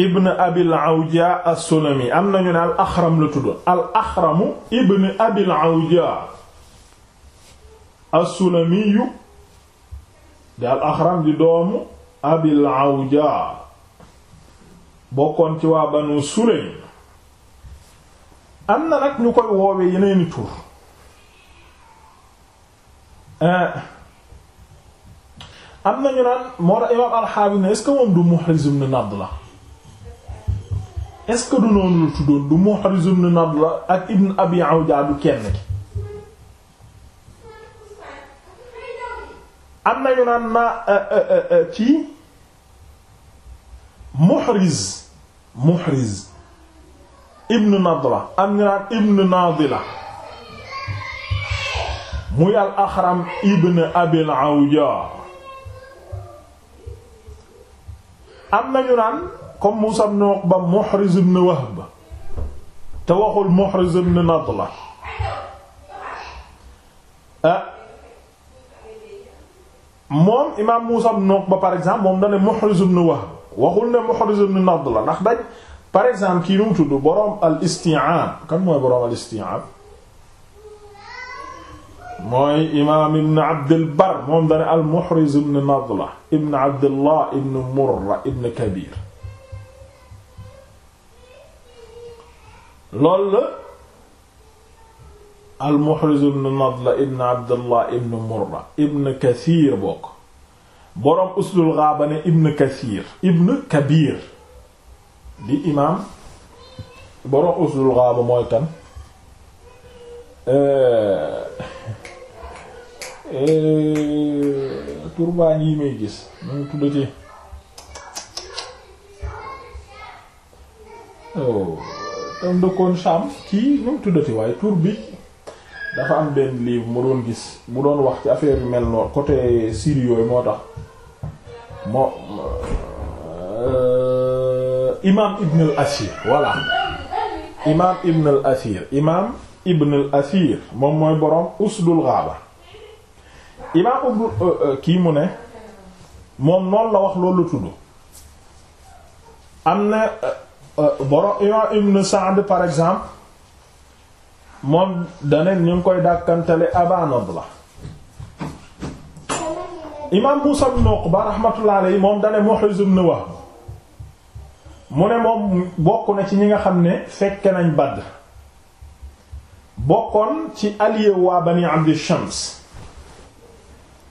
ibn abil awja as-sulami am nañu ne al axram la tudd al axramu ibn abil awja as-sulamiyu di al axram di doomu abil awja bokkoon ci waa banu sulaym am na nag ñu koy woowe yeneeni tur eh. am nañu naan moo tax imaam alxaabis ne est-ce que moom du Muhriz ibn Nadla est-ce que du noonu la tuddoon du Muhriz ibn Nadla ak ibn Abi naan ma ci Muhriz Muhriz ibn Nadla am ñu naan ibn Nadila muy al Axram ibn Abil Awja am nañu naan comme Muusaa ibn Uqba Muhriz ibn Wahb te waxul Muhriz ibn Nadla ah moom imaam Muusaa ibn par exemple moom dane Muhriz ibn Wahb waxul ne Muhriz ibn Nadla ndax par exemple kii nu tudd boroom al isti'aab kan mooy boroom al isti'aab mooy imaam ibn Abdul Barr moom dane al Muhriz ibn Nadla ibn Abdullah ibn Kabir lool la al-Muhriz ibn Nadla ibn Abdullah ibn Murra ibn Kathir bokk boroom Uslul Ghaaba ne Kathir ibn Kabir di imaam boroom Uslul Ghaaba mooy kan eh, eh, turbaan yi may gis am dëkkoon Sham kii ñu waaye tur bi dafa am benn livre mu doon gis mu doon wax ci affaire yu mel noonu côté Syrie yooyu moo tax moo euh, imaam Ibn al-Asir imaam Ibn al-Asir moom mooy borom Usdul Ghaba imaam euh, euh, kii mu ne moom noonu la wax loolu la am na. Euh, boro imam ibn Sa'd par exemple moom daneen ñu ngi koy dàkkantale Aba Nadla imam Muusa ibn Uqba rahmatullah alayhi moom dane Muhriz ibn Wahb mu ne moom bokk na ci ñi nga xam ne fekke nañ Badr bokkoon ci allié waa Bani Abd Shams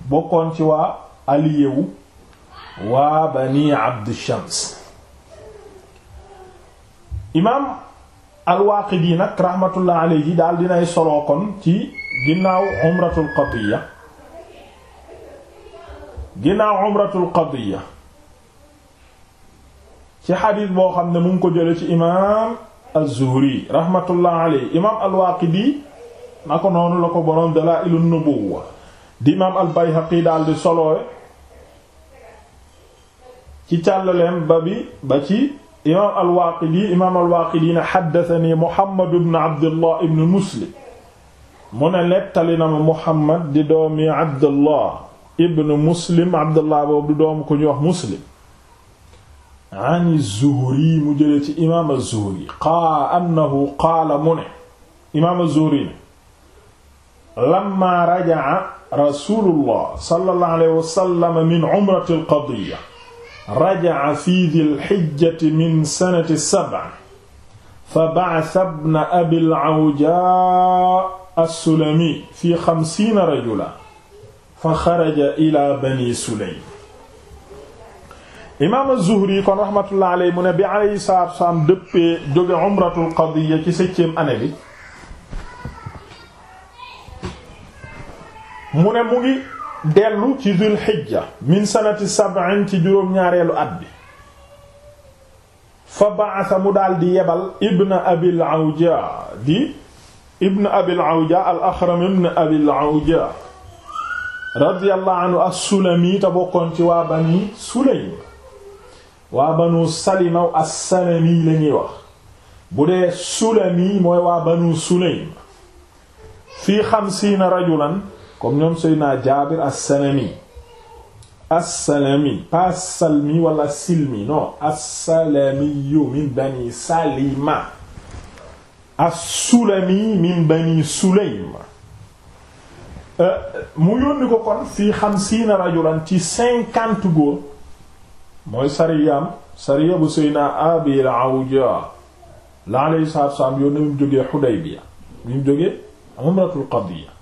bokkoon ci waa allié waa Bani Abd Shams imaam al-Waaqidi nag rahmatullah alayhi daal dinay soloo kon ci ginnaaw umratul qadiya ginnaaw umratul qadiya ci xadiis boo xam ne mu ngi ko jële ci imaam az-Zuhri rahmatullah alayhi imaam al-Waaqidi na ko noonu la ko boroom Dalaa'ilun Nubuwwa di imaam al-Bayhaqi daal di soloo ci càllaleem ba bi ba ci imaam al-Waaqidi imaam al-Waaqidi ne xaddatani Muhammad ibn Abdullah ibn Muslim mu ne nettali na ma Muhammad di doomi Abdullah ibn Muslim Abdullah boobu di doom ku ñuy wax Muslim an Zuhri mu jëlee ci imaam az-Zuhri qaa annahu qaala mu ne imaam az-Zuhri ne lamma raja'a Rasuulullah sallallahu alayhi wa sallam min umratil qadiyya raja'a fi dhil hijjati min sanati sab'a fa ba'atha ibna abil awjaa as-sulami fi xamsiina rajulan fa xaraja ila bani sulaym imaam az-zuhri kon rahmatullah aleyhi mu ne bi aleyhi salaatu wasalaam dëppee jóge umratul qadiya ci septième année bi mu ne mu ngi dellu ci dul xijja min sanati sab'in ci juróom-ñaareelu at bi fa ba'atha mu daal di yebal ibn abil awja di ibn abil awja al axram ibn abil awja radiyallahu anhu as-sulami te bokkoon ci waa bani sulaym waa banu salima as-salami la ñuy wax bu dee sulami mooy waa banu sulaym fii xamsiina rajulan comme ñoom Seydina Jaabir as-Salami as-Salami pas Salmi wala Silmi non as-Salami min bani Salima as-Sulami min bani Sulaym euh, mu yónni ko kon fii xamsiina ci cinquante góor mooy sariyam sariya bu Seydina Abil Awja la alayhi salaatu wa salaam yónni mu jógee Hudaybiya mu jógee Umratul Qadiya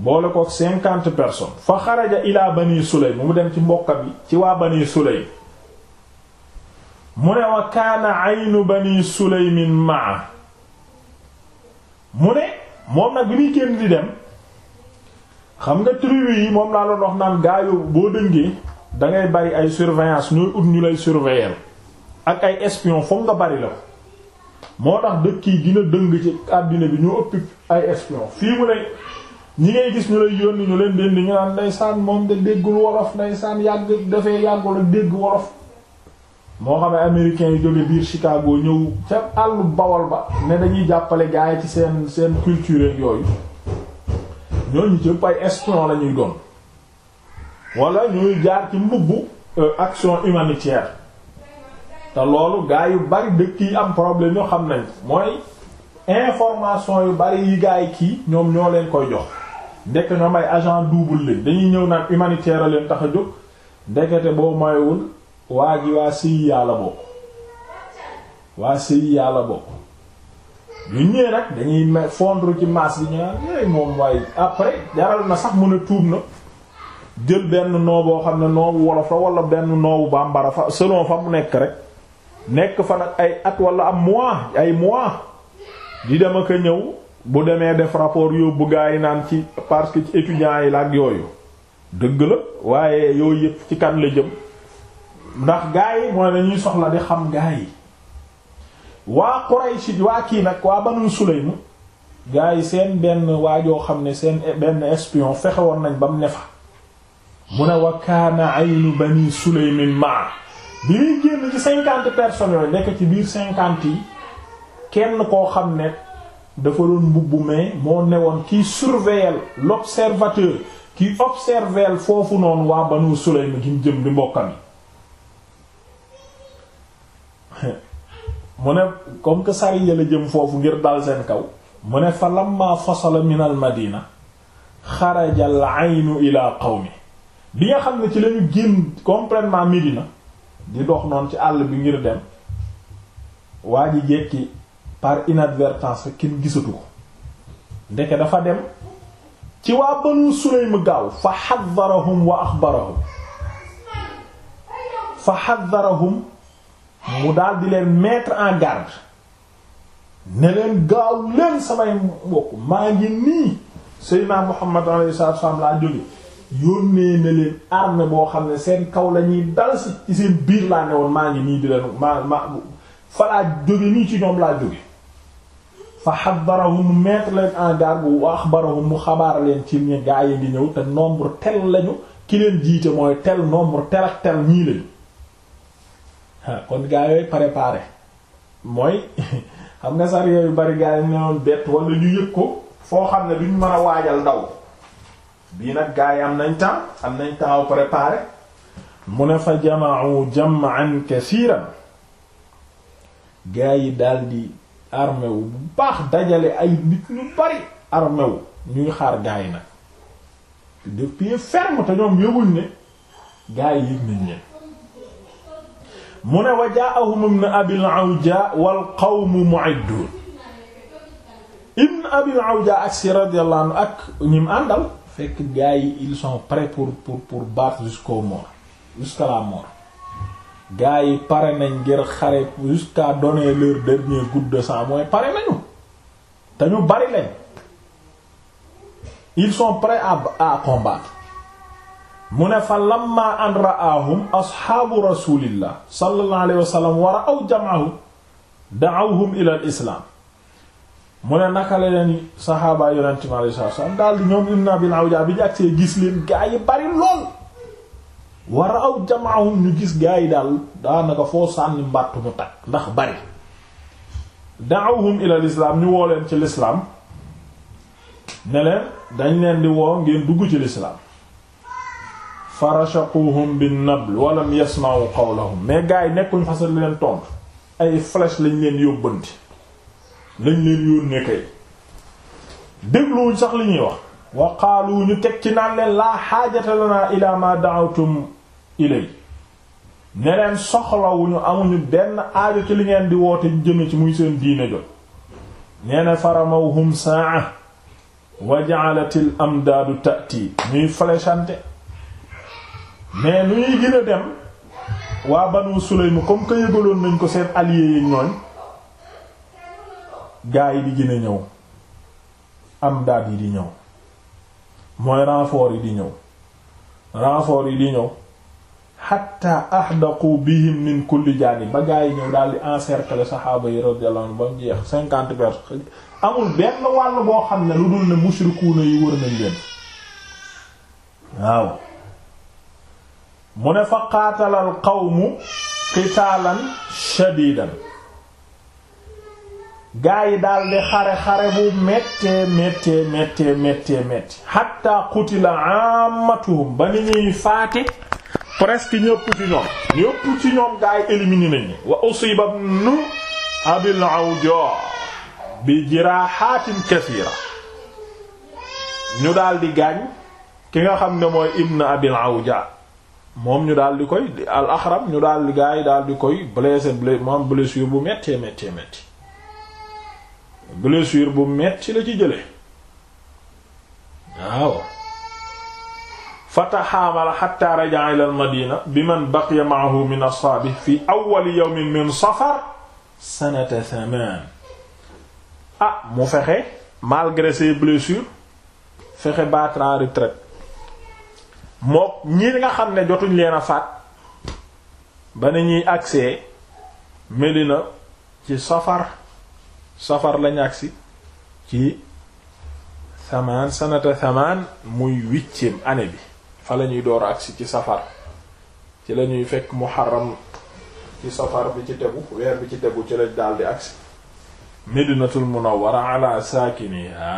boole ko cinquante personnes fa xaraja ilaa bani Sulaym mu dem ci mbokka bi ci waa bani Sulaym mu ne wa kaana aynu bani Sulaymin maa mu ne moom nag bi muy génn di dem xam nga tribu yi moom laa doon wax naan gaayu boo dëngee dangay bari ay surveillance ñooy ut ñu lay surveiller ak ay espion foog nga bari la ko moo tax dëkk yi dina dëng ci àddina bi ñoo ëpp ay espion fii mu ne ñi ngay gis ñu lay yónni ñu leen dén di ñu naan ndeysaan moom de déggul wolof saan yàgg dafee yàggul ak dégg wolof moo xam ne américains yi jóge biir Chicago ñëw ca àll bawol ba ne dañuy jàppale gaay ci seen seen culture yooyu ñooñu cëpp ay espion lañuy ñuy doon wala ñuy jaar ci mbubb euh, action humanitaire te loolu gaay yu bari dëkk yi am problème ñoo xam nañ mooy information yu bari yi gaay kii ñoom ñoo leen koy jox ndekk na may agent double lañ dañuy ñëw naan humanitaire leen tax a jóg ndekete boo mayewul waa ji waa siy yàlla bokk waa siy yàlla bokk ñu ñëwee nag dañuy fondre ci masse bi ñu naan moom waaye après jaral na sax mën a tuub na jël benn noo boo xam ne noobu wolof la wala benn noobu bambara fa selon fa mu nekk rek nekk fa nag ay at walla am mois ay mois di dem ak a ñëw bu demee def rapport yóbbu gaa yi naan ci parce que ci étudiants yi la ak yooyu dëgg la waaye yooyu yëpp ci kan la jëm ndax gaa yi mooy dañuy soxla di xam gaa yi waa Quraysh waa kii nag waa Banu Sulaym gaa yi seen benn waa waajoo xam ne seen benn espion fexe nañ ba mu ne fa mu ne wa kaana aynu Bani Sulaym ma bi muy génn ci cinquante personnes yooyu nekk ci biir cinquante yi kenn koo xam ne dafa doon mbubb mais moo newoon kiy surveiller l'observateur kiy observer foofu noonu waa Banu Sulaym gi mu jëm di mbokkam yi mu ne comme que sariya la jëm foofu ngir dal seen kaw mu ne fa lamma fasala min al madina xaraja aynu ila qawmi bi nga xam ne ci lañu génn complètement Médina di dox noonu ci àll bi ngir dem waa ji jekki par inadvertance fa kenn gisatu ko ndeke dafa dem ci waa Banu Sulaym gaaw fa xaddarahum wa axbarahum fa xaddarahum mu daal di leen mettre en garde ne leen gaaw leen samay mbokk maa ngi nii Seydina Muhammad alayhi salaatu wa salaam laa jóge yónnee ne leen arme boo xam ne seen kaw la ñuy dal si seen biir laa ne woon maa ngi nii di leen maa maa fa laa jóge nii ci ñoom laa jóge fa xaddarahum mu mettre leen en garde bu axbarahum mu xabaar leen ci ñi gaa yi ngi ñëw te nombre tel lañu ki leen jiite mooy tel nombre tel ak tel ñii lañu kon gaa yooyu préparé mooy xam nga sar yooyu bari gaa yi newoon bett wala ñu yëg ko foo xam ne duñ mën a waajal daw bii nag gaa yi am nañ temps am nañ temps préparé mu ne fa jama'u jam'an kaseeran gaa yi daldi armé bu baax dajale ay nit ñu bari armé ñuy xaar gaay nag de pied ferme te ñoom yëguñ ne gaay yëg nañ leen mu ne wa jaa'ahum abil awja wal qawmu mu'iddun ibn abil awja ak si radiyallahu ak ñim àndal fekk gaay yi ils sont prêts pour pour pour battre jusqu'au mort jusqu'à la mort gars yi pare nañ ngir xare jusqu'à donner leur dernier goutte de sang mooy pare nañu te ñu bari lañ ils sont prêts à à mu ne fa lamma an raahum asxaabu rasulillah sallallahu alayhi wa sallam wa ra'aw jam'ahu da'awhum ila al islam mu ne naka la leen saxaaba yonente mi alayhi salaatu wa salaam daal di ñoom ibn abil awja bi ñu gis leen gaa yi bari lool war a aw jamaahum ñu gis gaa yi daal daanaka foo sànni mbàtt mu takk ndax bari daawhum ilal islaam ñu woo leen ci lislaam ne dañ leen di woo ngeen dugg ci lislaam farashaquhum bin nabl walam yasma'u qawlahum mais gaa yi nekkuñ fasal leen tontu ay flèche lañ leen yóbbanti lañ leen yónnee kay dégluwuñ sax li ñuy wax wa wu ñu teg ci naan leen laa xaajata lana ila ma da'awtum ilay ne leen soxlawuñu amuñu benn aajo ci li ngeen di woote jëme ci muy seen diine jot nee na faramawhum sa'a wa ja'alatil amdaadu ta'ti ñuy fléchante mais nu ñuy gën a dem waa Banu Sulaym comme que yëgaloon nañ ko seen alliés yi ñooñ gaa yi di gën a ñëw amdaad yi di ñëw mooy renfort yi di ñëw renfort yi di ñëw xatta ahdaqu bihim min kulli jaanib ba gaa ñëw daal di encercler saxaaba yi radiyallahu ba mu jeex cinquante personnes amul benn wàll boo xam ne lu dul ne mushrikuuna yi wër nañ leen waaw mu ne fa qaatalal qawmu qitaalan shadiidan gaa yi daal xare xare bu méttee méttee méttee méttee méttee hatta qutila ammatuhum ba ni ñuy faate presque ñëpp ci ñoom ñëpp ci ñoom gaa yi éliminé nañu wa usiba ibnu abil awja bi jirahatin kathira ñu daal di gaañ ki nga xam ne mooy ibnu abil awja moom ñu daal di koy al axram ñu daal di gaa yi daal di koy blessé blessé moom blessure bu méttee méttee méttee blessure bu metti la ci jële waaw fataxaamala xata raja'a ila al madina bi man baqiya ma'ahu min asxaabi fi awwali yawmin min safar sanata thaman ah mu fexe malgré ses blessures fexe battre en retraite mook ñi nga xam ne jotuñ leen a faat ba na ñuy accès Medina ci safar safar lañ agsi ci samaan sanata samaan muy huitième année bi fa la ñuy door agsi ci safar ci la ñuy fekk muharram ci safar bi ci tegu weer bi ci tegu ci lañ daldi agsi medinatul munawwara ala saakiniha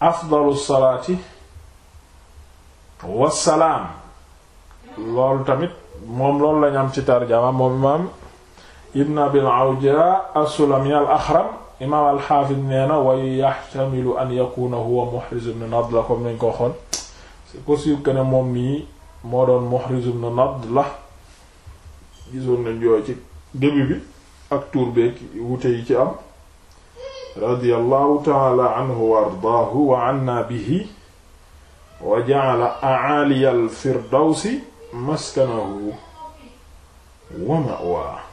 afdalu salaati wassalaam loolu tamit moom loolu lañ am ci tarjama moom imaam ibn abil awja as-sulami al-axram imaam al-xaafid nee na way yaxtamilu an yakuna huwa muhriz ibn nadla comme nañ ko xoon c'est possible que ne moom mii moo doon muhriz ibn nadla gisoon nañ yooyu ci début bi ak tur beeg wute yi ci am radiyallahu ta'ala anhu wa ardaahu wa anna bihi wa ja'ala a'ali al-firdawsi maskanahu wa ma'waahu